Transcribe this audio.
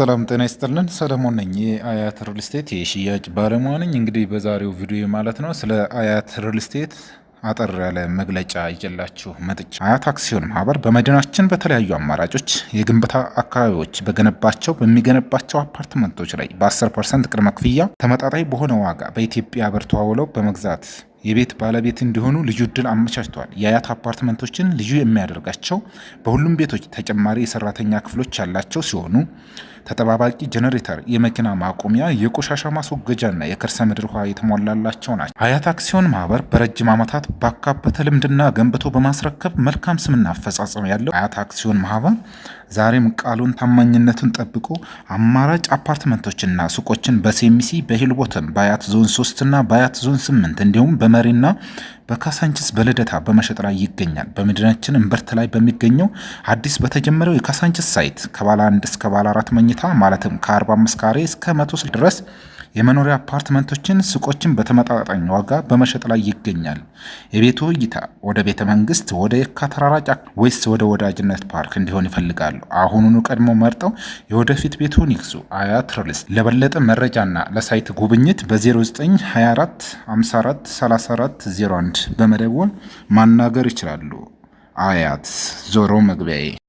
ሰላም ጤና ይስጥልን። ሰለሞን ነኝ የአያት ሪል ስቴት የሽያጭ ባለሙያ ነኝ። እንግዲህ በዛሬው ቪዲዮ ማለት ነው ስለ አያት ሪል ስቴት አጠር ያለ መግለጫ ይዤላችሁ መጥቼ አያት አክሲዮን ማህበር በመዲናችን በተለያዩ አማራጮች የግንባታ አካባቢዎች በገነባቸው በሚገነባቸው አፓርትመንቶች ላይ በ10 ፐርሰንት ቅድመ ክፍያ ተመጣጣኝ በሆነ ዋጋ በኢትዮጵያ ብር ተዋውለው በመግዛት የቤት ባለቤት እንዲሆኑ ልዩ እድል አመቻችተዋል። የአያት አፓርትመንቶችን ልዩ የሚያደርጋቸው በሁሉም ቤቶች ተጨማሪ የሰራተኛ ክፍሎች ያላቸው ሲሆኑ ተጠባባቂ ጄኔሬተር፣ የመኪና ማቆሚያ፣ የቆሻሻ ማስወገጃና የከርሰ ምድር ውሃ የተሟላላቸው ናቸው። አያት አክሲዮን ማህበር በረጅም ዓመታት ባካበተ ልምድና ገንብቶ በማስረከብ መልካም ስምና አፈጻጸም ያለው አያት አክሲዮን ማህበር ዛሬም ቃሉን ታማኝነቱን ጠብቆ አማራጭ አፓርትመንቶችና ሱቆችን በሴሚሲ በሂልቦተም በአያት ዞን 3 እና በአያት ዞን 8 እንዲሁም በመሪና በካሳንችስ በልደታ በመሸጥ ላይ ይገኛል። በምድራችን እምብርት ላይ በሚገኘው አዲስ በተጀመረው የካሳንችስ ሳይት ከባለ አንድ እስከ ባለ አራት መኝታ ማለትም ከ45 ካሬ እስከ 160 ድረስ የመኖሪያ አፓርትመንቶችን፣ ሱቆችን በተመጣጣኝ ዋጋ በመሸጥ ላይ ይገኛል። የቤቱ እይታ ወደ ቤተ መንግስት፣ ወደ የካ ተራራ ጫካ ወይስ ወደ ወዳጅነት ፓርክ እንዲሆን ይፈልጋሉ? አሁኑኑ ቀድሞ መርጠው የወደፊት ቤቱን ይግዙ። አያት ሪልስ። ለበለጠ መረጃና ለሳይት ጉብኝት በ0924 54 34 01 በመደወል ማናገር ይችላሉ። አያት ዞሮ መግቢያዬ